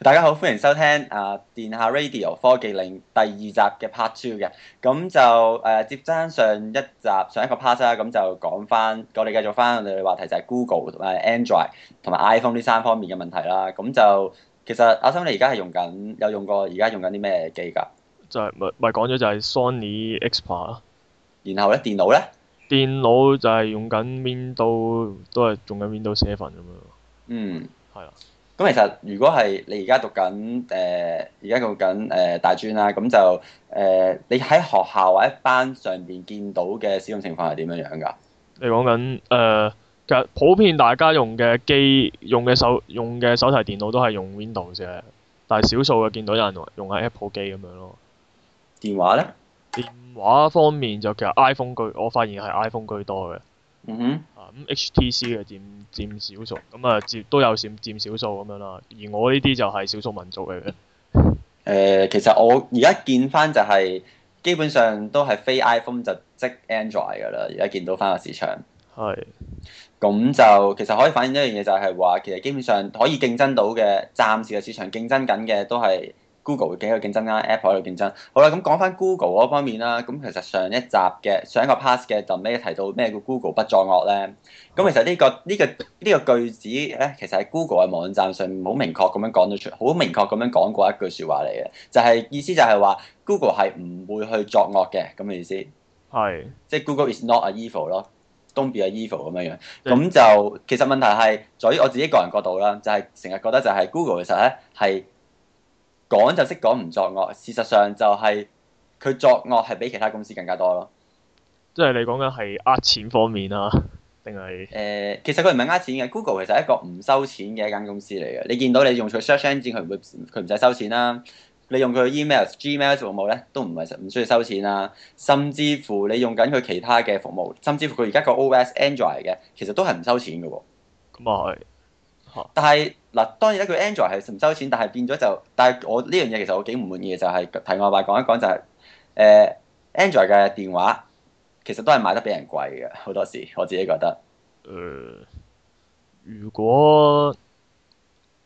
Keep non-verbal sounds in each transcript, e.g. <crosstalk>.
大家好，歡迎收聽啊電下 radio 科技令第二集嘅 part two 嘅，咁、嗯、就誒、啊、接翻上一集上一個 part 啦、啊，咁、嗯、就講翻我哋繼續翻我哋嘅話題就係 Google 同埋 Android 同埋 iPhone 呢三方面嘅問題啦，咁、嗯、就其實阿生，你而家係用緊有用過而家用緊啲咩機噶？就係咪咪講咗就係 Sony Xperia，然後咧電腦咧？電腦，電腦就係用緊 Windows，都係用緊 Windows Seven 咁樣。嗯，係啊。咁其實，如果係你而家讀緊誒，而、呃、家讀緊誒、呃呃、大專啦，咁就誒、呃，你喺學校或者班上邊見到嘅使用情況係點樣樣㗎？你講緊誒，其實普遍大家用嘅機、用嘅手、用嘅手提電腦都係用 Windows 啫，但係少數嘅見到有人用用緊 Apple 機咁樣咯。電話咧？電話方面就其實 iPhone 居，我發現係 iPhone 居多嘅。Mm hmm. 嗯哼，啊咁 HTC 嘅佔佔少數，咁啊接都有佔佔少數咁樣啦，而我呢啲就係少數民族嚟嘅。誒、呃，其實我而家見翻就係、是、基本上都係非 iPhone 就即 Android 噶啦，而家見到翻個市場。係是。咁就其實可以反映一樣嘢，就係話其實基本上可以競爭到嘅，暫時嘅市場競爭緊嘅都係。Google 嘅喺度競爭啦、啊、Apple 喺度競爭。好啦，咁、嗯、講返 Google 嗰方面啦。咁、嗯、其實上一集嘅上一個 pass 嘅，就未提到咩叫 Google 不作惡咧？咁其實呢、這個呢、這個呢、這個句子咧，其實喺 Google 嘅網站上面好明確咁樣講咗出，好明確咁樣講過一句説話嚟嘅，就係、是、意思就係話 Google 係唔會去作惡嘅咁嘅意思。係是，即係 Google is not a evil 咯，don't be a evil 咁樣樣。咁是就其實問題係在於我自己個人角度啦，就係成日覺得就係 Google 其實咧係。講就識講唔作惡，事實上就係佢作惡係比其他公司更加多咯。即係你講緊係呃錢方面啊，定係誒，其實佢唔係呃錢嘅，Google 其實係一個唔收錢嘅一間公司嚟嘅。你見到你用佢 search engine，佢唔會佢唔使收錢啦。你用佢 emails、Gmails 服務咧，都唔係唔需要收錢啦。甚至乎你用緊佢其他嘅服務，甚至乎佢而家個 OS Android 嘅，其實都係唔收錢噶喎。咁啊係。但係嗱，當然啦，佢 Android 係唔收錢，但係變咗就，但係我呢樣嘢其實我幾唔滿意嘅，就係、是、題外話講一講就係、是，誒、呃、，Android 嘅電話其實都係賣得比人貴嘅，好多時我自己覺得。誒、呃，如果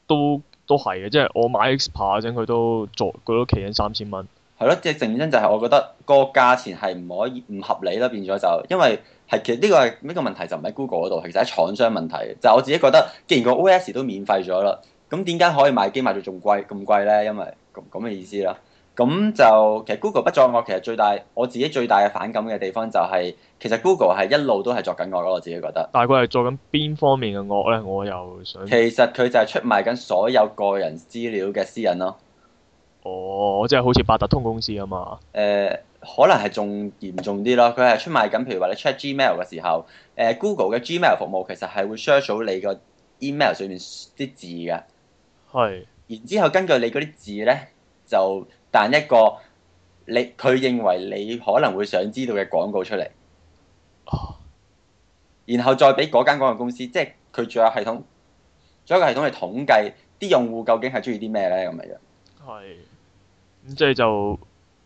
都都係嘅，即、就、係、是、我買 Xperia 佢都做佢都企緊三千蚊。係咯，即係正因就係我覺得個價錢係唔可以唔合理啦，變咗就因為。係，其實呢個係呢個問題就唔喺 Google 嗰度，其實喺廠商問題。就係、我自己覺得，既然個 OS 都免費咗啦，咁點解可以買機買到仲咁貴咧？因為咁咁嘅意思啦。咁就其實 Google 不作惡，其實最大我自己最大嘅反感嘅地方就係、係，其實 Google 係一路都係作緊惡咯。我自己覺得。大概佢係作緊邊方面嘅惡咧？我又想。其實佢就係出賣緊所有個人資料嘅私隱咯。哦，oh, 即係好似八達通公司啊嘛。誒。Uh, 可能係仲嚴重啲咯，佢係出賣緊，譬如話你 check Gmail 嘅時候，呃，Google 嘅 Gmail 服務其實係會 search 到你個 email 上面啲字嘅，係是。然之後根據你嗰啲字咧，就彈一個你佢認為你可能會想知道嘅廣告出嚟。哦、然後再俾嗰間廣告公司，即係佢仲有系統，仲有個系統去統計啲用戶究竟係中意啲咩咧咁樣。係、就是。咁即係就。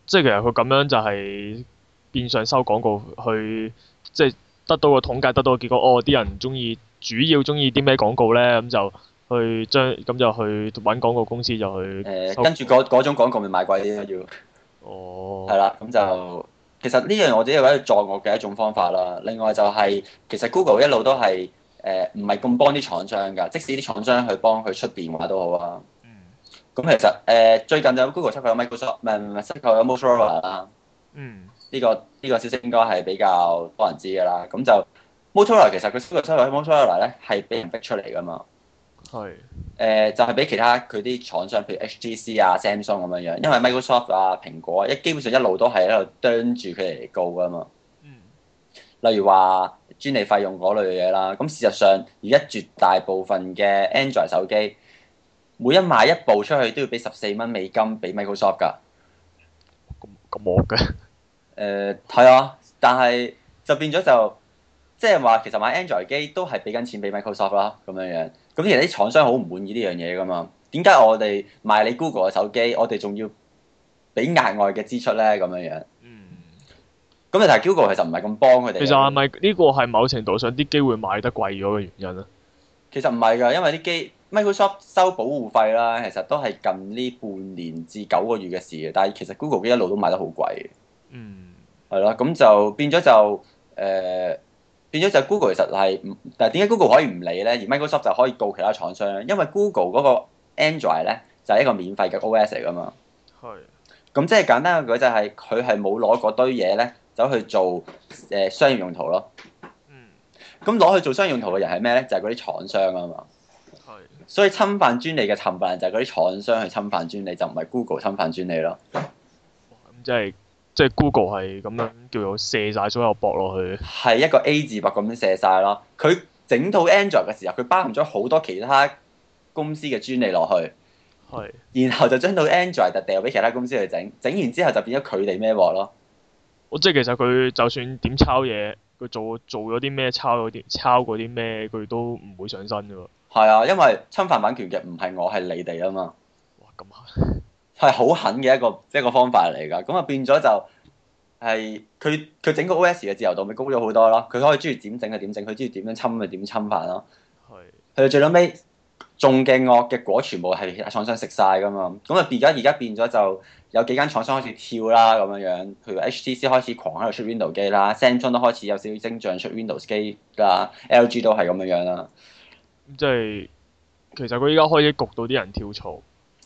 即係其實佢咁樣就係變相收廣告去，去即係得到個統計，得到個結果。哦，啲人中意主要中意啲咩廣告咧？咁、嗯、就去將咁、嗯、就去揾廣告公司就去、呃。跟住嗰嗰種廣告咪賣貴啲咯要。哦。係啦，咁就其實呢樣我哋認為作惡嘅一種方法啦。另外就係、是、其實 Google 一路都係誒唔係咁幫啲廠商㗎。即使啲廠商去幫佢出電話都好啊。咁其實誒、呃、最近就 Google 出購 Microsoft，唔係唔係出購 Motorola 啦。Ora, 嗯，呢、這個呢、這個消息應該係比較多人知嘅啦。咁就 Motorola 其實佢出購出購 Motorola 咧係俾人逼出嚟㗎嘛。係是。誒、呃、就係、是、俾其他佢啲廠商，譬如 HTC 啊、Samsung 咁樣樣，因為 Microsoft 啊、蘋果啊一基本上一路都係喺度啄住佢嚟告㗎嘛。嗯、例如話專利費用嗰類嘢啦，咁事實上而家絕大部分嘅 Android 手機。每一買一部出去都要俾十四蚊美金俾 Microsoft 㗎，咁咁惡嘅。誒係啊，但係就變咗就即係話，其實買 Android 機都係俾緊錢俾 Microsoft 啦，咁樣樣。咁其實啲廠商好唔滿意呢樣嘢㗎嘛？點解我哋買你 Google 嘅手機，我哋仲要俾額外嘅支出咧？咁樣樣。嗯。咁你睇，但係 Google 其實唔係咁幫佢哋。其實係咪呢個係某程度上啲機會買得貴咗嘅原因啊？其實唔係㗎，因為啲機。Microsoft 收保護費啦，其實都係近呢半年至九個月嘅事嘅。但係其實 Google 一路都賣得好貴嘅。嗯，係咯，咁就變咗就誒、呃，變咗就 Google 其實係，但係點解 Google 可以唔理咧？而 Microsoft 就可以告其他廠商咧？因為 Google 嗰個 Android 咧就係、是、一個免費嘅 OS 嚟㗎嘛。係是。咁即係簡單一句就係、是，佢係冇攞嗰堆嘢咧，走去做誒、呃、商業用途咯。嗯。咁攞去做商業用途嘅人係咩咧？就係嗰啲廠商啊嘛。所以侵犯專利嘅侵犯就係嗰啲廠商去侵犯專利，就唔係 Google 侵犯專利咯。嗯、即係即係 Google 係咁樣叫做卸晒所有膊落去。係一個 A 字膊咁樣卸晒咯。佢整套 Android 嘅時候，佢包含咗好多其他公司嘅專利落去。係是。然後就將到 Android 就掉俾其他公司去整，整完之後就變咗佢哋咩嘢鑊咯。我即係其實佢就算點抄嘢，佢做做咗啲咩，抄咗啲抄過啲咩，佢都唔會上身㗎喎。係啊，因為侵犯版權嘅唔係我係你哋啊嘛。哇，咁狠係好狠嘅一個一個方法嚟㗎。咁啊變咗就係佢佢整個 O.S. 嘅自由度咪高咗好多咯。佢可以中意點整就點整，佢中意點樣侵咪點侵犯咯。係是。佢最撚尾種嘅惡嘅果全部係廠商食晒㗎嘛。咁啊而家而家變咗就有幾間廠商開始跳啦咁樣樣，譬如 H.T.C. 開始狂喺度出 Windows 機啦，Samsung 都開始有少少跡象出 Windows 機啦，L.G. 都係咁樣樣啦。即係其實佢依家，可以焗到啲人跳槽，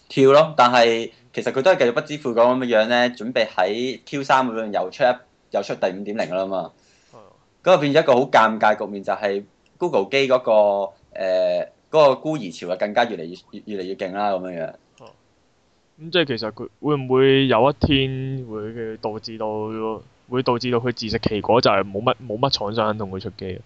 跳咯。但係其實佢都係繼續不支付咁樣樣咧，準備喺 Q 三嗰陣又出一又出第五點零啦嘛。咁啊、嗯、變咗一個好尷尬局面，就係、是、Google 機嗰、那個誒嗰、呃那個孤兒潮啊，更加越嚟越越嚟越勁啦咁樣樣。咁、嗯、即係其實佢會唔會有一天會導致到會導致到佢自食其果就，就係冇乜冇乜廠商肯同佢出機啊？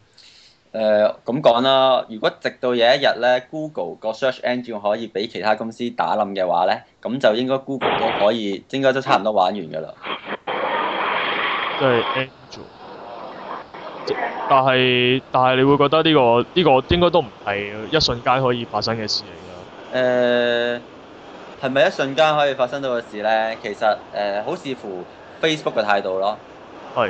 誒咁講啦，如果直到有一日咧，Google 個 search engine 可以俾其他公司打冧嘅話咧，咁就應該 Google 都可以，應該都差唔多玩完㗎啦。即係 engine。但係但係，你會覺得呢、呢個呢、呢個應該都唔係一瞬間可以發生嘅事嚟㗎。誒係咪一瞬間可以發生到嘅事咧？其實誒、呃、好視乎 Facebook 嘅態度咯。係。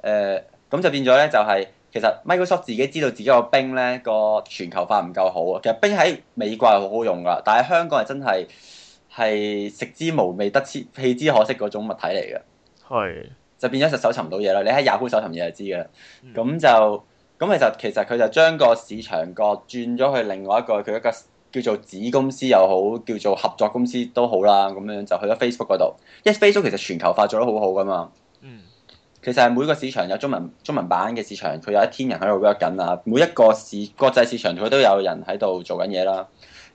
誒咁、呃、就變咗咧、就是，就係其實 Microsoft 自己知道自己個冰咧個全球化唔夠好啊。其實冰喺美國係好好用噶，但係香港就真係係食之無味得，得之棄之可惜嗰種物體嚟嘅。係是就變咗就搜尋唔到嘢啦。你喺 Yahoo 搜尋嘢就知噶啦。咁、嗯、就咁其實其實佢就將個市場個轉咗去另外一個佢一個叫做子公司又好，叫做合作公司都好啦。咁樣就去咗 Facebook 嗰度，因為 Facebook 其實全球化做得好好噶嘛。嗯。其實係每個市場有中文中文版嘅市場，佢有一天人喺度 work 緊啊！每一個市國際市場佢都有人喺度做緊嘢啦，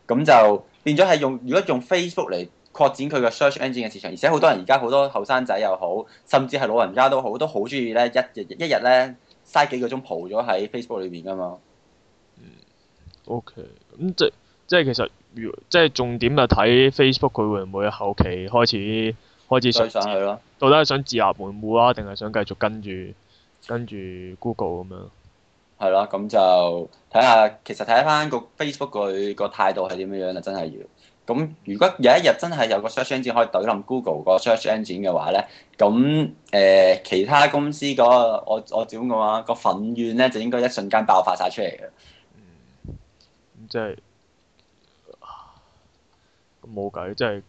咁就變咗係用如果用 Facebook 嚟擴展佢嘅 search engine 嘅市場，而且好多人而家好多後生仔又好，甚至係老人家都好，都好中意咧一日一日咧嘥幾個鐘蒲咗喺 Facebook 裏邊㗎嘛。嗯，OK，咁即即係其實，即係重點就睇 Facebook 佢會唔會後期開始。開始追上去咯，到底係想自立門戶啊，定係想繼續跟住跟住 Google 咁樣？係咯，咁就睇下，其實睇翻個 Facebook 佢個態度係點樣樣啦，真係要。咁如果有一日真係有個 search engine 可以懟冧 Google 個 search engine 嘅話咧，咁誒、呃、其他公司嗰個我我點講話個憤怨咧就應該一瞬間爆發晒出嚟嘅。嗯，咁即係，冇計，即係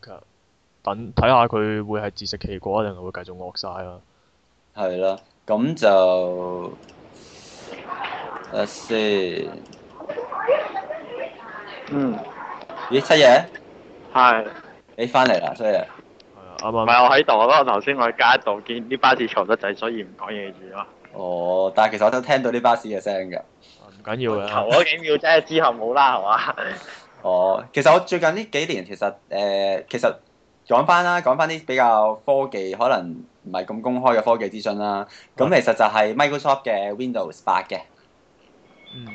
睇下佢會係自食其果，定係會繼續惡晒啊！係啦，咁就誒先。S 嗯。咦？七爺？係 Hi.。你翻嚟啦，七爺。係啊。唔係我喺度咯，頭先我喺街度見啲巴士嘈得滯，所以唔講嘢住咯。哦，但係其實我都聽到啲巴士嘅聲㗎。唔緊要嘅，嘈咗幾秒，啫，之後冇啦，係嘛？哦，其實我最近呢幾年其實誒，其實。呃其實講翻啦，講翻啲比較科技可能唔係咁公開嘅科技資訊啦。咁其實就係 Microsoft 嘅 Windows 八嘅。嗯。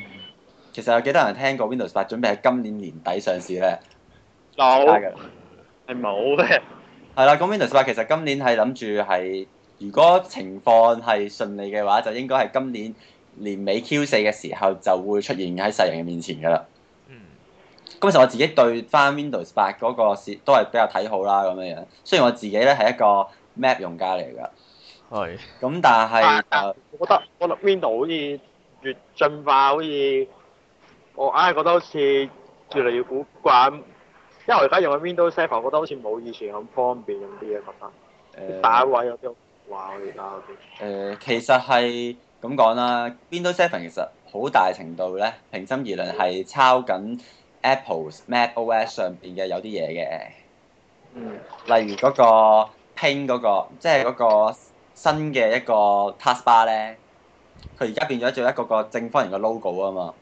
其實有幾多人聽過 Windows 八？準備喺今年年底上市咧。冇。係冇咩？係啦，咁 Windows 八其實今年係諗住係，如果情況係順利嘅話，就應該係今年年尾 Q 四嘅時候就會出現喺世人嘅面前噶啦。咁其實我自己對翻 Windows 八嗰、嗰個都係比較睇好啦，咁樣樣。雖然我自己咧係一個 Mac 用家嚟噶，係咁，但係我覺得我 Windows 好似越進化，好似我硬係覺得好似越嚟越古怪。因為我而家用嘅 Windows Seven 我覺得好似冇以前咁方便咁啲嘢，覺得、呃、打位有啲華我啊嗰啲。誒、呃呃，其實係咁講啦，Windows Seven 其實好大程度咧，平心而論係抄緊。Apple's Mac OS 上邊嘅有啲嘢嘅，嗯，例如嗰個拼嗰、嗰個，即係嗰個新嘅一個 taskbar 咧，佢而家變咗做一個個正方形嘅 logo 啊嘛，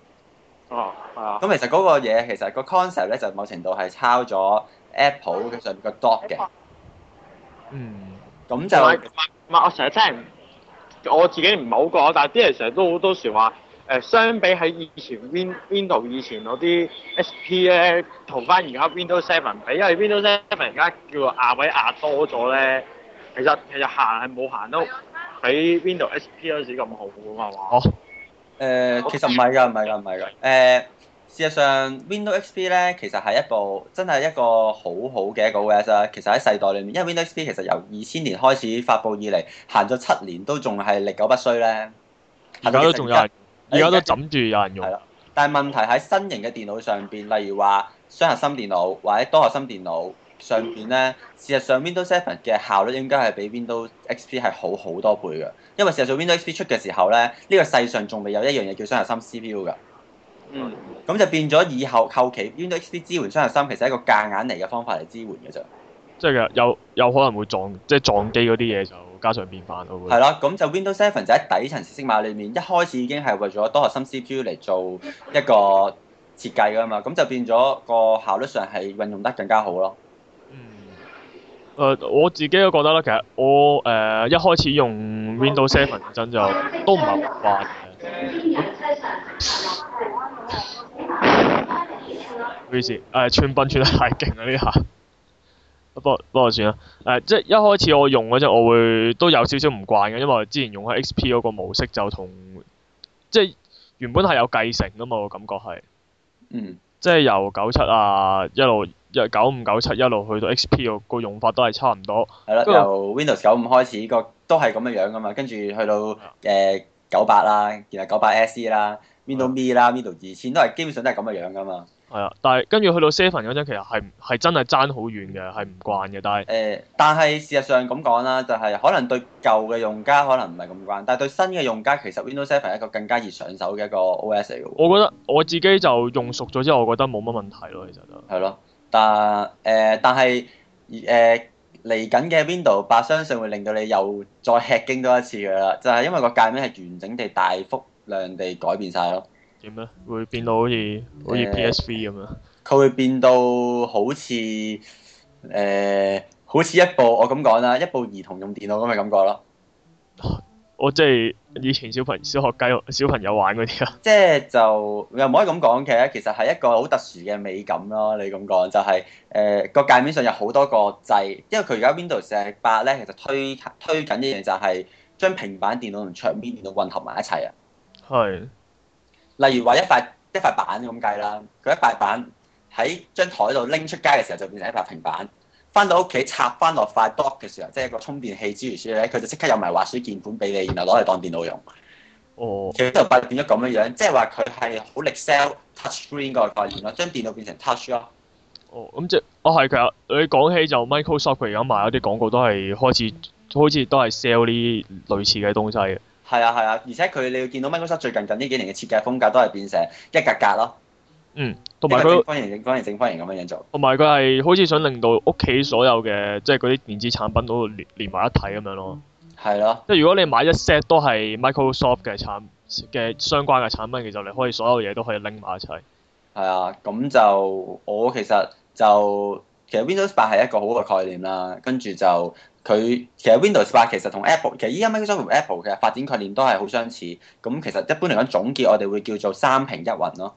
哦，係啊，咁、啊、其實嗰個嘢其實個 concept 咧就某程度係抄咗 Apple 嘅上邊個 Dock 嘅，嗯，咁就唔我成日聽，我自己唔係好覺，但係啲人成日都好多時話。誒相比喺以前 Window 以前嗰啲 XP 咧，同翻而家 Windows Seven 比，因為 Windows Seven 而家叫做壓位壓多咗咧，其實其實行係冇行到喺 Window XP 嗰陣時咁好噶嘛，係嘛？哦，其實唔係㗎，唔係㗎，唔係㗎。誒、呃，事實上 Window XP 咧，其實係一部真係一個好好嘅一個 OS 啦。其實喺世代裏面，因為 Window XP 其實由二千年開始發布以嚟，行咗七年都仲係歷久不衰咧。係啊，都仲有。而家都枕住有人用，係咯。但係問題喺新型嘅電腦上邊，例如話雙核心電腦或者多核心電腦上邊咧，嗯、事實上 Windows Seven 嘅效率應該係比 Windows XP 係好好多倍嘅。因為事實上 Windows XP 出嘅時候咧，呢、呢個世上仲未有一樣嘢叫雙核心 CPU 㗎。嗯。咁、嗯、就變咗以後後期 Windows XP 支援雙核心，其實係一個夾硬嚟嘅方法嚟支援嘅啫。即係有有可能會撞，即、就、係、係、撞機嗰啲嘢就。家常便飯咯，係咯，咁就 Windows Seven 就喺底層程式碼裏面一開始已經係為咗多核心 CPU 嚟做一個設計㗎嘛，咁就變咗個效率上係運用得更加好咯。嗯、呃。我自己都覺得啦，其實我誒、呃、一開始用 Windows Seven 嗰陣就都唔係 <laughs> <laughs> 好嘅。唔好意思，呃穿奔穿得太勁啦呢下。.不不，我算啦。誒、呃，即係一開始我用嗰陣，我會都有少少唔慣嘅，因為之前用開 XP 嗰個模式就同，即係原本係有繼承噶嘛，我感覺係。嗯。即係由九七啊，一路一九五九七一路去到 XP 個用法都係差唔多。係咯、嗯，嗯、由 Windows 九五開始個都係咁嘅樣噶嘛，跟住去到誒九八啦，然後九八 SE 啦，Windows、嗯、Me 啦，Windows 二千都係基本上都係咁嘅樣噶嘛。係啊，但係跟住去到 Seven 嗰陣，其實係係真係爭好遠嘅，係唔慣嘅。但係誒、欸，但係事實上咁講啦，就係、是、可能對舊嘅用家可能唔係咁慣，但係對新嘅用家，其實 Windows Seven 係一個更加易上手嘅一個 OS 嚟嘅。我覺得我自己就用熟咗之後，我覺得冇乜問題咯，其實都係咯。但誒、欸，但係誒嚟緊嘅 Windows 八，欸、相信會令到你又再吃驚多一次噶啦，就係、是、因為個界面係完整地、大幅量地改變晒咯。點咧？會變到好似、呃、好似 PSV 咁樣！佢會變到好似誒，好似一部我咁講啦，一部兒童用電腦咁嘅感覺咯。我即係以前小朋小學雞小朋友玩嗰啲啊。即係就又唔可以咁講嘅，其實係一個好特殊嘅美感咯。你咁講就係誒個界面上有好多個掣，因為佢而家 Windows 八咧，其實推推緊一樣就係將平板電腦同桌面電腦混合埋一齊啊。係。例如話一塊一塊板咁計啦，佢一塊板喺張台度拎出街嘅時候就變成一塊平板，翻到屋企插翻落塊 dock 嘅時候，即係個充電器之餘，咧佢就即刻有埋滑鼠鍵盤俾你，然後攞嚟當電腦用。哦，其實就變咗咁樣樣，即係話佢係好力 sell touch screen 嗰個概念咯，將電腦變成 touch 咯、哦。哦，咁即係，啊係，其實你講起就 Microsoft 佢而家賣啲廣告都係開始，好似都係 sell 啲類似嘅東西。係啊係啊，而且佢你要見到 Microsoft 最近近呢幾年嘅設計風格都係變成一格格咯。嗯，同埋佢方形、正方形、正方形咁樣做。同埋佢係好似想令到屋企所有嘅即係嗰啲電子產品都連連埋一體咁樣咯。係咯、嗯。即係、啊、如果你買一 set 都係 Microsoft 嘅產嘅相關嘅產品，其實你可以所有嘢都可以拎埋一齊。係啊，咁就我其實就其實 Windows 八係一個好嘅概念啦，跟住就。佢其實 Windows 八其實同 Apple 其實依家 Microsoft 同 Apple 嘅發展概念都係好相似。咁其實一般嚟講總結我哋會叫做三屏一雲咯。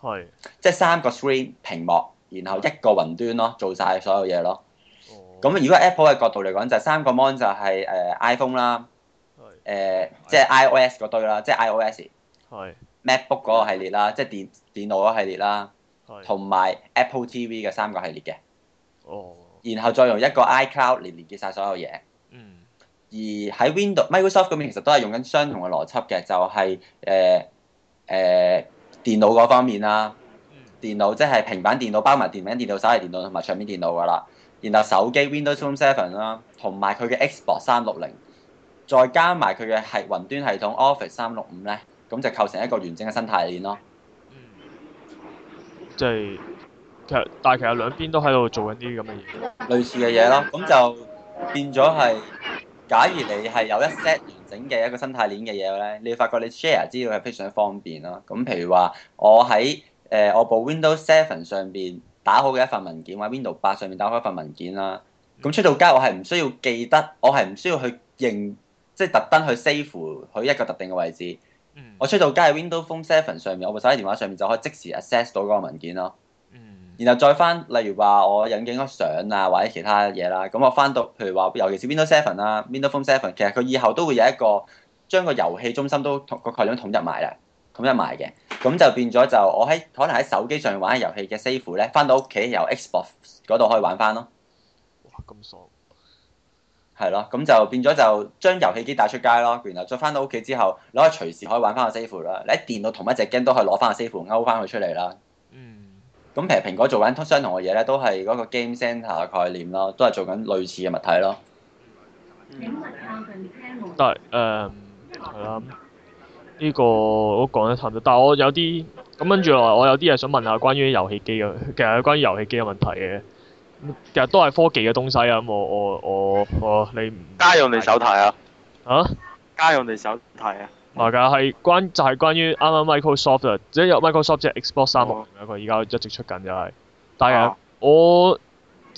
係是。即係三個 screen 屏幕，然後一個雲端咯，做晒所有嘢咯。咁、哦、如果 Apple 嘅角度嚟講就係、是、三個 mon 就係、是、誒、呃、iPhone 啦是。係、呃。即係 iOS 嗰堆啦，即係 iOS 是。係。MacBook 嗰個系列啦，即係電電腦嗰系列啦。同埋是 Apple TV 嘅三個系列嘅。哦。然後再用一個 iCloud 嚟連結晒所有嘢。嗯。而喺 Windows Microsoft 嗰邊其實都係用緊相同嘅邏輯嘅，就係誒誒電腦嗰方面啦。嗯。電腦即係平板電腦包埋，平板電腦、手提電腦同埋桌面電腦噶啦。然後手機 Windows Phone Seven 啦，同埋佢嘅 Xbox 三六零，再加埋佢嘅係雲端系統 Office 三六五咧，咁就構成一個完整嘅生態鏈咯。即係。但係其實兩邊都喺度做緊啲咁嘅嘢，類似嘅嘢咯。咁就變咗係，假如你係有一 set 完整嘅一個生態鏈嘅嘢咧，你會發覺你 share 資料係非常方便咯。咁譬如話，呃，我喺誒我部 Windows Seven 上邊打好嘅一份文件，或者 Windows 八上面打好一份文件啦。咁出到街，我係唔需要記得，我係唔需要去認，即係特登去 save 佢一個特定嘅位置。我出到街喺 Windows Phone Seven 上面，我部手機電話上面就可以即時 access 到嗰個文件咯。嗯嗯。然後再翻，例如話我影幾張相啊，或者其他嘢啦。咁我翻到，譬如話，尤其是 Windows Seven 啦，Windows Phone Seven，其實佢以後都會有一個將個遊戲中心都個概念統一埋啦，統一埋嘅。咁就變咗就我喺可能喺手機上玩遊戲嘅 save 咧，翻到屋企由 Xbox 嗰度可以玩翻咯。哇！咁爽。係咯，咁就變咗就將遊戲機帶出街咯。然後再翻到屋企之後，攞嚟隨時可以玩翻個 save 啦。你喺電腦同一隻 game 都可以攞翻個 save 勾翻佢出嚟啦。嗯。他他咁其實蘋果做緊同相同嘅嘢咧，都係嗰個 game center 嘅概念咯，都係做緊類似嘅物體咯、嗯呃這個。但係，呃，係啦。呢個我都講得差唔多。但係我有啲咁跟住落我有啲嘢想問下關於遊戲機嘅，其實係關於遊戲機嘅問題嘅。其實都係科技嘅東西啊！我我我我你家用定手提啊？嚇、啊！家用定手提啊？啊，係關就係、係、關於啱啱 Microsoft，即係有 Microsoft 即係 Xbox 三六佢而家一直出緊就係。但係、哦、我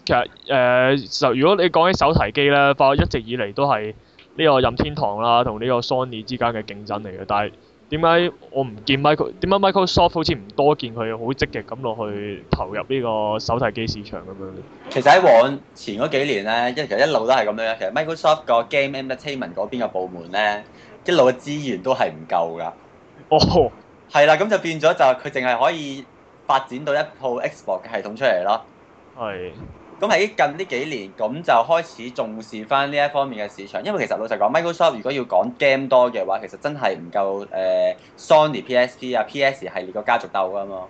其實誒、呃，就如果你講起手提機咧，發覺一直以嚟都係呢個任天堂啦同呢個 Sony 之間嘅競爭嚟嘅。但係點解我唔見 Microsoft？Micro 點解 Microsoft 好似唔多見佢好積極咁落去投入呢個手提機市場咁樣？其實喺往前嗰幾年咧，一其實一路都係咁樣。其實 Microsoft 個 Game Entertainment 嗰邊嘅部門咧。一路嘅資源都係唔夠㗎，哦、oh.，係啦，咁就變咗就佢淨係可以發展到一套 Xbox 嘅系統出嚟咯。係，咁喺近呢幾年，咁就開始重視翻呢一方面嘅市場，因為其實老實講，Microsoft 如果要講 game 多嘅話，其實真係唔夠誒、呃、Sony PSP 啊 PS 系列個家族鬥㗎嘛。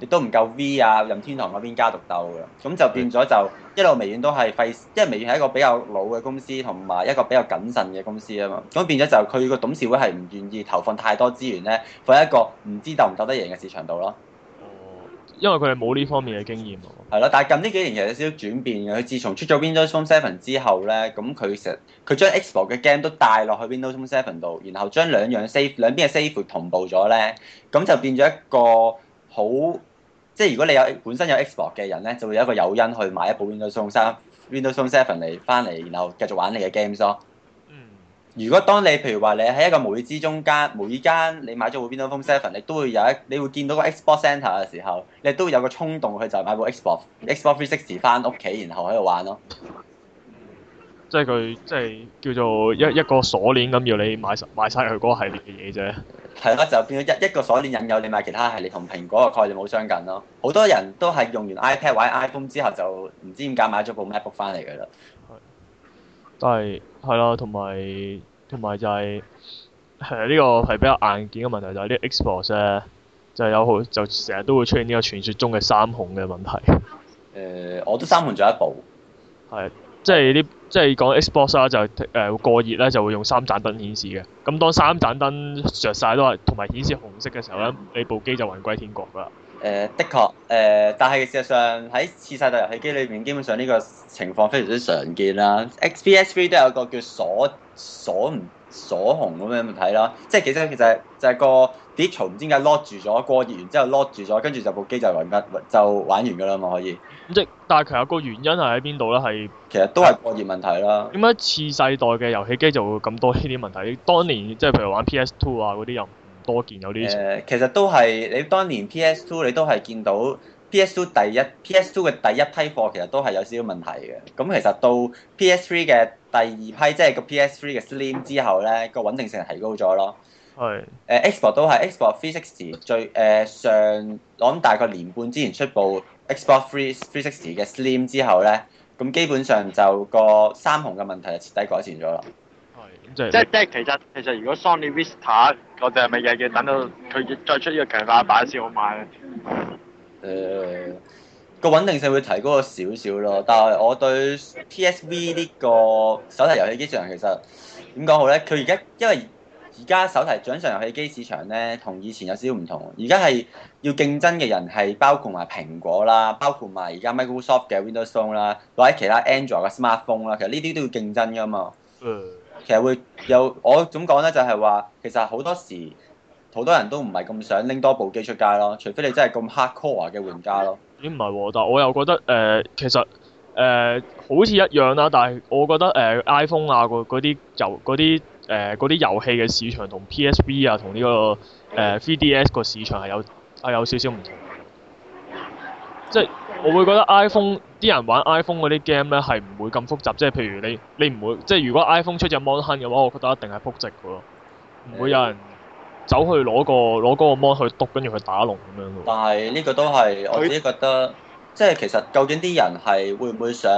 亦都唔夠 V 啊，任天堂嗰邊家獨鬥嘅，咁就變咗就一路微軟都係費，因為微軟係一個比較老嘅公司同埋一個比較謹慎嘅公司啊嘛，咁變咗就佢個董事會係唔願意投放太多資源咧，放喺一個唔知鬥唔鬥得贏嘅市場度咯。哦，因為佢係冇呢方面嘅經驗。係咯，但係近呢幾年其實有少少轉變嘅，佢自從出咗 Windows Phone Seven 之後咧，咁佢實佢將 Xbox 嘅 game 都帶落去 Windows Phone Seven 度，然後將兩樣 save 兩邊嘅 save 同步咗咧，咁就變咗一個好。即係如果你有本身有 Xbox 嘅人咧，就會有一個誘因去買一部 Windows 三、Windows Seven 嚟翻嚟，然後繼續玩你嘅 games 咯。如果當你譬如話你喺一個無意之中間，無意間你買咗部 Windows Seven，你都會有一，你會見到個 Xbox Centre 嘅時候，你都會有個衝動去就買部 Xbox、Xbox Three Sixty 翻屋企，然後喺度玩咯即。即係佢，即係叫做一一個鎖鏈咁，要你買實買曬佢嗰個系列嘅嘢啫。係啦，就變咗一一個鎖鏈引誘，你買其他系列同蘋果個概念好相近咯。好多人都係用完 iPad 或者 iPhone 之後，就唔知點解買咗部 MacBook 翻嚟㗎啦。係，都係係啦，同埋同埋就係係呢個係比較硬件嘅問題，就係啲 Xbox 咧，就有好就成日都會出現呢個傳説中嘅三紅嘅問題。誒、呃，我都三換咗一部。係。即係啲，即係講 Xbox 啦，就、呃、誒過熱咧就會用三盞燈顯示嘅。咁當三盞燈着晒都係同埋顯示紅色嘅時候咧，嗯、你部機就魂歸天國㗎。誒、呃，的確誒、呃，但係事實上喺次世代遊戲機裏面，基本上呢個情況非常之常見啦。x p s v 都有個叫鎖鎖唔鎖紅咁樣嘅睇啦。即係其實其實就係、是就是、個 display 唔知點解 lock 住咗，過熱完之後 lock 住咗，跟住就部機就還甩，就玩完㗎啦嘛，可以。即但係其實個原因係喺邊度咧？係其實都係過熱問題啦。點解次世代嘅遊戲機就會咁多呢啲問題？當年即係譬如玩 PS Two 啊嗰啲又唔多見有啲。誒、呃，其實都係你當年 PS Two，你都係見到 PS Two 第一 PS Two 嘅第一批貨，其實都係有少少問題嘅。咁其實到 PS Three 嘅第二批，即係個 PS Three 嘅 Slim 之後咧，個穩定性提高咗咯。係是。誒、呃、Xbox 都係 Xbox Three Sixty 最誒、呃、上我諗大概年半之前出部。Xbox Three Sixty 嘅 Slim 之後咧，咁基本上就個三紅嘅問題就徹底改善咗咯。係，即即係其實其實如果 Sony Vista 我哋係咪日日等到佢再出呢個強化版先好買咧？誒，個穩定性會提高咗少少咯，但係我對 PSV 呢個手提遊戲機上其實點講好咧？佢而家因為。而家手提掌上遊戲機市場咧，同以前有少少唔同。而家係要競爭嘅人係包括埋蘋果啦，包括埋而家 Microsoft 嘅 Windows Phone 啦，或者其他 Android 嘅 smartphone 啦。其實呢啲都要競爭㗎嘛。誒、嗯。其實會有我總講咧，就係話其實好多時好多人都唔係咁想拎多部機出街咯，除非你真係咁 hardcore 嘅玩家咯。咦、欸？唔係喎，但係我又覺得誒、呃，其實誒、呃、好似一樣啦，但係我覺得誒、呃、iPhone 啊，啲就嗰啲。誒，嗰啲遊戲嘅市場同 P.S.V 啊，同呢個誒3、呃、D S 個市場係有係有少少唔同。即係我會覺得 iPhone 啲人玩 iPhone 嗰啲 game 咧係唔會咁複雜，即係譬如你你唔會，即係如果 iPhone 出隻 Monhan 嘅話，我覺得一定係撲藉嘅咯，唔會有人走去攞個攞嗰 Mon 去篤跟住去打龍咁樣。但係呢個都係我自己覺得，他即係其實究竟啲人係會唔會想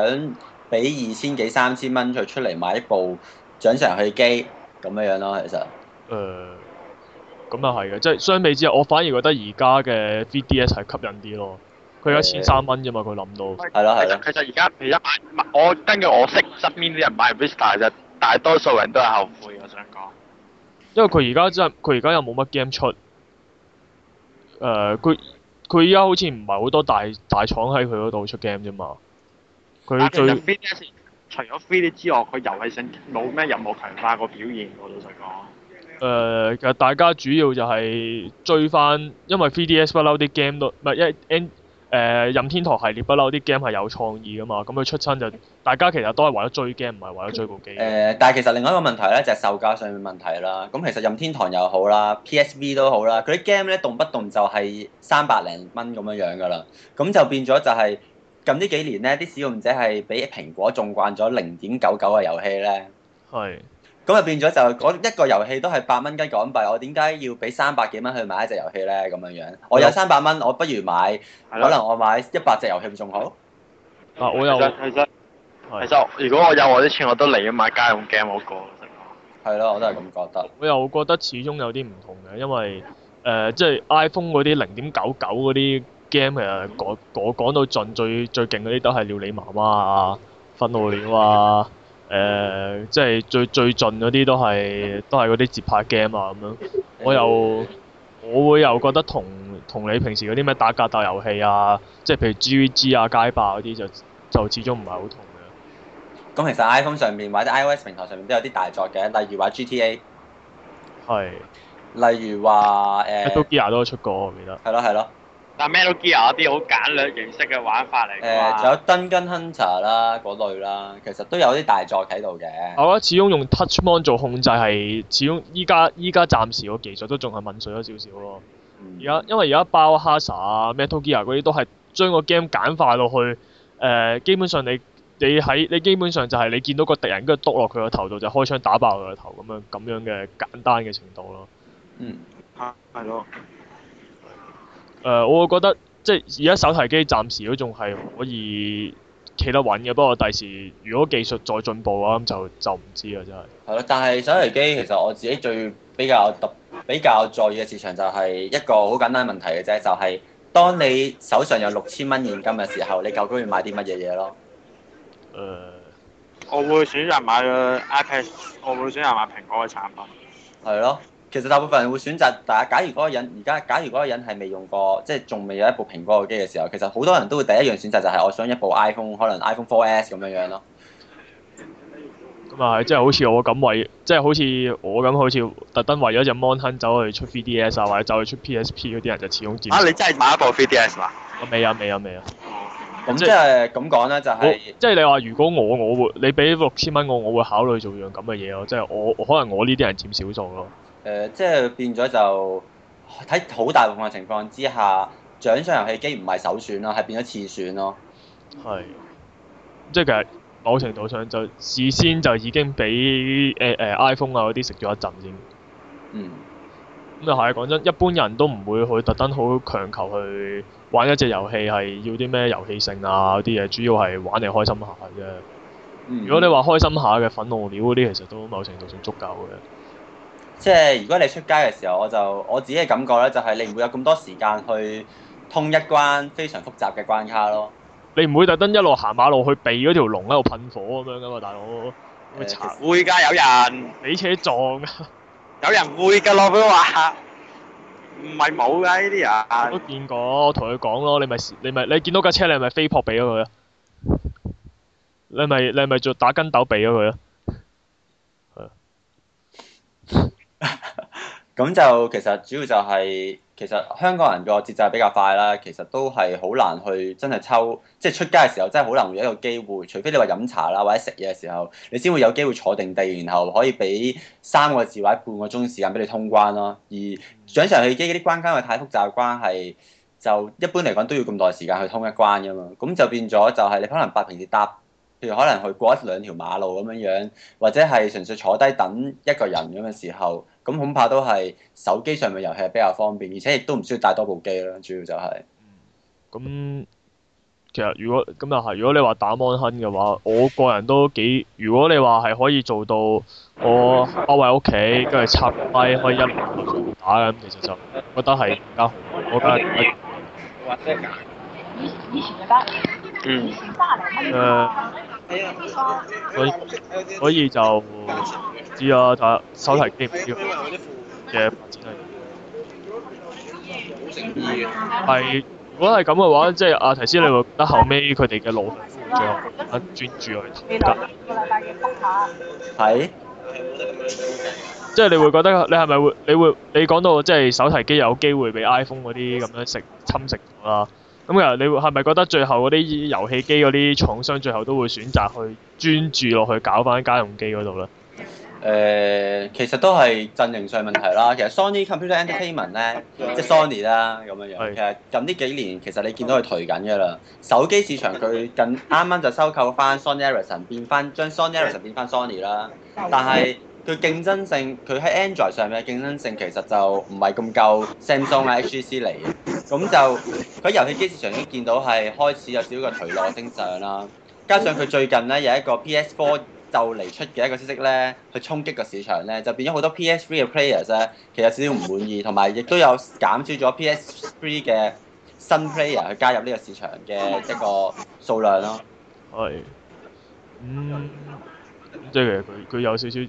俾二千幾三千蚊佢出嚟買一部掌上遊戲機？咁嘅樣咯、啊，其實。誒、呃，咁又係嘅，即係相比之下，我反而覺得而家嘅 VDS 係吸引啲咯。佢而家千三蚊啫嘛，佢諗到。係喇係喇。其實而家，而家買，我根據我識側邊啲人買 Vista 啫，大多數人都係後悔我想講。因為佢而家真係，佢而家又冇乜 game 出。誒、呃，佢佢而家好似唔係好多大大廠喺佢嗰度出 game 啫嘛。佢最。啊除咗 3D 之外，佢遊戲性冇咩任何強化個表現，我老實講。誒、呃，其實大家主要就係追翻，因為 3DS 不嬲啲 game 都唔係一 N 誒任天堂系列不嬲啲 game 係有創意噶嘛，咁佢出親就大家其實都係為咗追 game，唔係為咗追部機。誒、呃，但係其實另外一個問題咧就係、是、售價上面問題啦。咁其實任天堂又好啦，PSV 都好啦，佢啲 game 咧動不動就係三百零蚊咁樣樣噶啦，咁就變咗就係、是。咁呢幾年咧，啲使用者係俾蘋果縱慣咗零點九九嘅遊戲咧。係。咁啊變咗就嗰一個遊戲都係八蚊雞港幣，我點解要俾三百幾蚊去買一隻遊戲咧？咁樣樣，我有三百蚊，我不如買，可能我買一百隻遊戲仲好。啊，我又其實其實如果我有我啲錢，我都嚟買家用 game 好過。係咯，我都係咁覺得。我又覺得始終有啲唔同嘅，因為誒即係 iPhone 嗰啲零點九九嗰啲。game 其實講講到盡最最勁嗰啲都係料理媽媽啊、憤怒鳥啊，誒、呃、即係最最盡嗰啲都係都係嗰啲節拍 game 啊咁樣。我又， <laughs> 我，又我會又覺得同同你平時嗰啲咩打格鬥遊戲啊，即係譬如 G G 啊街霸嗰啲就就始終唔係好同嘅。咁其實 iPhone 上面或者 iOS 平台上面都有啲大作嘅，例如話 GTA 是。係。例如話誒。《GTA》都出過，我記得的。係咯係咯。的啊，Metal Gear 嗰啲好簡略形式嘅玩法嚟，嘅、欸，仲有《Dungeon Hunter》啦，嗰類啦，其實都有啲大作喺度嘅。我覺得始終用 Touch Mon 做控制係，始終依家依家暫時個技術都仲係滲水咗少少咯。而家、嗯、因為而家包《Hazard》啊，《Metal Gear》嗰啲都係將個 game 簡化落去，誒、呃，基本上你你喺你基本上就係你見到個敵人，跟住篤落佢個頭度就是、開槍打爆佢個頭咁樣咁樣嘅簡單嘅程度咯。嗯，嚇、啊，係咯。誒，uh, 我會覺得即係而家手提機暫時都仲係可以企得穩嘅，不過第時如果技術再進步啊，咁就就唔知啦，真係。係咯， <music> 但係手提機其實我自己最比較特比較在意嘅市場就係一個好簡單問題嘅啫，就係、是、當你手上有六千蚊現金嘅時候，你究竟要買啲乜嘢嘢咯？誒，uh, 我會選擇買 Apple，我會選擇買蘋果嘅產品。係咯。 <music> <music> <music> 其實大部分人會選擇，但係假如嗰個人而家，假如嗰個人係未用過，即係仲未有一部蘋果嘅機嘅時候，其實好多人都會第一樣選擇就係我想一部 iPhone，可能 iPhone 4S 咁樣樣咯。咁啊，即係好似我咁為，即係好似我咁好似特登為咗隻 monken 走去出 VDS 啊，或者走去出 PSP 嗰啲人就始終佔。啊！你真係買一部 VDS 嘛？我未啊，未啊，未啊。咁即係咁講咧，就係。即係你話，如果我我會，你俾六千蚊我，我會考慮做樣咁嘅嘢咯。即係我可能我呢啲人佔少數咯。誒、呃，即係變咗就喺好大部分情況之下，掌上遊戲機唔係首選咯，係變咗次選咯。係。即係其實某程度上就事先就已經俾誒誒 iPhone 啊嗰啲食咗一陣先。嗯。咁又係講真，一般人都唔會去特登好強求去玩一隻遊戲係要啲咩遊戲性啊嗰啲嘢，主要係玩嚟開心下嘅啫。嗯、如果你話開心下嘅憤怒鳥嗰啲，其實都某程度上足夠嘅。即係如果你出街嘅時候，我就我自己嘅感覺咧，就係你唔會有咁多時間去通一關非常複雜嘅關卡咯。你唔會特登一路行馬路去避嗰條龍喺度噴火咁樣噶嘛，大佬會唔會殘？會噶有人俾車撞啊！有人會㗎咯，佢話唔係冇㗎呢啲人。我都見過，我同佢講咯，你咪你咪你見到架車，你係咪飛撲避咗佢啊？你咪你咪做打筋斗避咗佢啊！咁就其實主要就係、是、其實香港人個節奏比較快啦，其實都係好難去真係抽，即、就、係、是、出街嘅時候真係好難有一個機會，除非你話飲茶啦或者食嘢嘅時候，你先會有機會坐定定，然後可以俾三個字或者半個鐘時，時間俾你通關咯。而掌上遊戲機嗰啲關卡太複雜嘅關係，就一般嚟講都要咁多時間去通一關㗎嘛。咁就變咗就係你可能白平時搭，譬如可能去過一兩條馬路咁樣樣，或者係純粹坐低等一個人咁嘅時候。咁恐怕都係手機上面遊戲比較方便，而且亦都唔需要帶多部機啦。主要就係、是，咁、嗯嗯、其實如果咁又係，如果你話打 Monhun 嘅話，我個人都幾。如果你話係可以做到我喺位屋企跟住插低可以一路打咁，其實就覺得係唔我而得，哎、8，嗯，誒、呃。所以所以就知啊，手提機嘅發展係如果係咁嘅話，即係啊，提先你會覺得後尾佢哋嘅老豆最後轉注去蘋果，即係你會覺得會桿桿嗎你係咪會？你會你講到即係手提機有機會俾 iPhone 啲咁樣食侵蝕咗啦。咁啊、嗯，你係咪覺得最後嗰啲遊戲機嗰啲廠商最後都會選擇去專注落去搞翻家用機嗰度咧？誒、欸，其實都係陣營上問題啦。其實 Sony Computer Entertainment 咧，Yeah. 即係 Sony 啦咁樣樣。是其實近呢幾年，其實你見到佢頹緊嘅啦。手機市場佢近啱啱就收購翻 Sony Ericsson，變翻將 Sony Ericsson 變翻 Sony 啦。但係佢競爭性，佢喺 Android 上面嘅競爭性其實就唔係咁夠 Samsung 啦 HTC 嚟嘅，咁就佢遊戲機市場已經見到係開始有少少嘅頹落升上啦。加上佢最近咧有一個 PS4 就嚟出嘅一個消息咧，去衝擊個市場咧，就變咗好多 PS3 嘅 players 咧，其實少少唔滿意，同埋亦都有減少咗 PS3 嘅新 player 去加入呢個市場嘅一個數量咯。係、哎，嗯，即係其實佢佢有少少。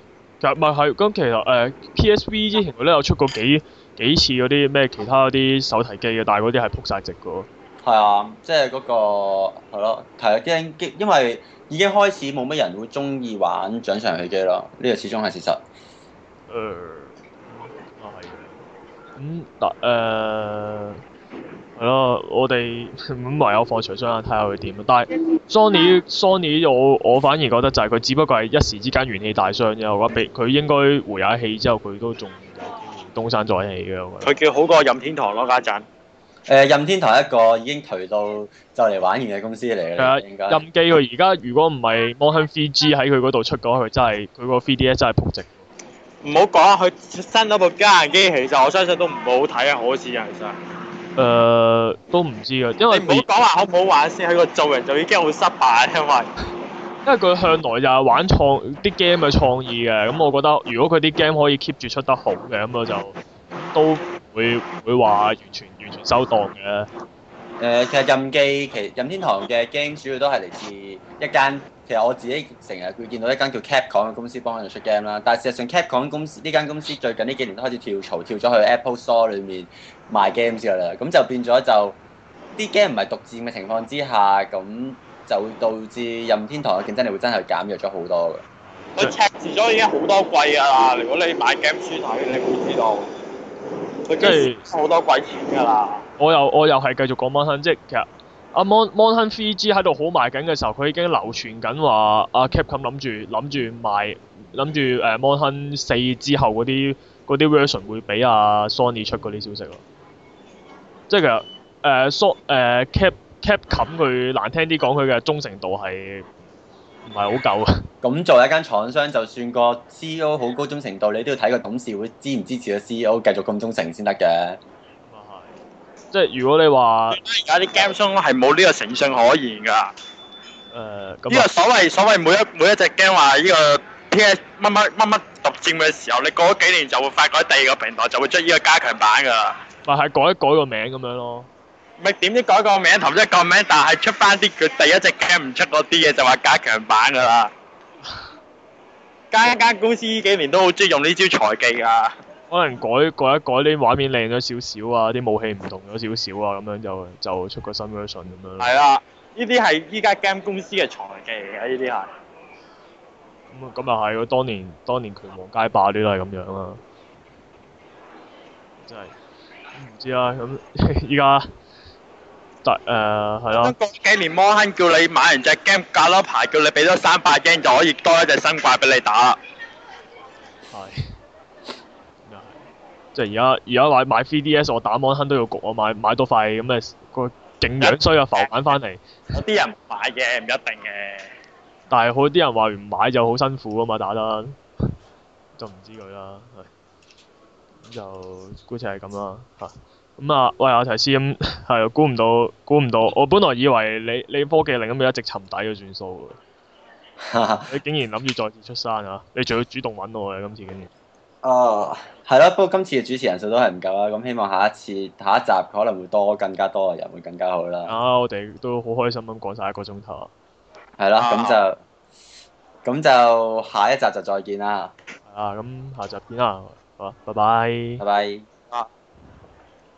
其實唔係、呃、咁其實誒 PSV 之前咧有出過幾幾次嗰啲咩其他嗰啲手提機嘅，但係嗰啲係撲晒直嘅喎。係啊，即係嗰、嗰個係咯，係啊，驚機，因為已經開始冇乜人會中意玩掌上遊戲機咯，呢、呢個始終係事實。誒、呃，啊係嘅。咁嗱誒。嗯呃係咯、嗯，我哋咁、嗯、唯有放長雙眼睇下佢點，但係 Sony Sony 我我反而覺得就係佢只不過係一時之間元氣大傷啫。我覺得佢應該回下氣之後，佢都仲東山再起嘅。佢叫好過任天堂咯，家陣。誒、嗯，任天堂一個已經頹到就嚟玩完嘅公司嚟嘅。嗯、任機佢而家如果唔係摩亨 3G 喺佢嗰度出咗去，真係佢個 3DS 真係仆直。唔好講佢新嗰部家用機，其實我相信都唔好睇啊，我個人真係。誒、呃、都唔知啊，因為你唔好講話好唔好玩先，喺個造型就已經好失敗，因為因為佢向來就係玩創啲 game 嘅創意嘅，咁、嗯、我覺得如果佢啲 game 可以 keep 住出得好嘅，咁、嗯、我就都會會話完全完全收檔嘅。誒、呃，其實任記其任天堂嘅 game 主要都係嚟自一間。其實我自己成日會見到一間叫 Capcom 嘅公司幫我哋出 game 啦，但係事實上 Capcom 公司呢間公司最近呢幾年都開始跳槽，跳咗去 Apple Store 裏面賣 game 之類啦，咁就變咗就啲 game 唔係獨占嘅情況之下，咁就會導致任天堂嘅競爭力會真係減弱咗好多嘅。佢斥資咗已經好多季㗎啦，如果你買 game 書睇，你會知道佢真係好多季錢㗎啦。我又我又係繼續講翻身，即阿、啊、Mon Mon Hun 三 G 喺度好賣緊嘅時候，佢已經流傳緊話阿、啊、Capcom 諗住諗住賣，諗住誒、啊、Mon Hun 四之後嗰啲啲 version 會俾阿、啊、Sony 出嗰啲消息咯。即、就、係、是、其實誒、啊、Sony 誒、啊啊、CapCapcom 佢難聽啲講，佢嘅忠誠度係唔係好夠嘅。咁做為一間廠商，就算個 CEO 好高忠誠度，你都要睇個董事會支唔支持個 CEO 繼續咁忠誠先得嘅。即係如果你話而家啲 game 商係冇呢個誠信可言㗎，誒呢個所謂所謂每一每一隻 game 話呢個 PS 乜乜乜乜獨佔嘅時候，你過咗幾年就會發覺第二個平台就會出呢個加強版㗎啦，或係改一改個名咁樣咯，咪點知改個名，同一個名，但係出翻啲佢第一隻 game 唔出嗰啲嘢就話加強版㗎啦，間間公司呢幾年都好中意用呢招財技㗎。可能改改一改啲畫面靚咗少少啊，啲武器唔同咗少少啊，咁樣就就出個新 version 咁樣。係啊，呢啲係依家 game 公司嘅財技嚟嘅。呢啲係。咁啊，咁又係喎，當年當年拳王街霸啲都係咁樣啊。真係。唔知啊，咁依家，但係誒係咯。過咗幾年摩亨叫你買完隻 game 架攞牌，叫你俾咗三百 yen 就可以多一隻新怪俾你打。係。而家而家買買 3DS，我打網坑都要焗，我買買到塊咁嘅、個景樣衰啊浮板翻嚟。有啲人買嘅，唔一定嘅。 <laughs> 但係好啲人話唔買就好辛苦啊嘛，打得就唔知佢啦。咁就估計係咁啦嚇。咁啊，喂阿提斯咁係估唔到，估唔到。我本來以為你你科技零咁就一直沉底嘅算數 <laughs> 你竟然諗住再次出山啊？你仲要主動揾我嘅，今次竟然。哦，係咯，uh,，不過今次嘅主持人數都係唔夠啦，咁、嗯、希望下一次下一集可能會多更加多嘅人，會更加好啦。啊，我哋都好開心咁過晒一個鐘頭。係啦了，咁、啊、就咁就下一集就再見啦。啊，咁下集見啦，好啦，拜拜，拜拜，好、啊。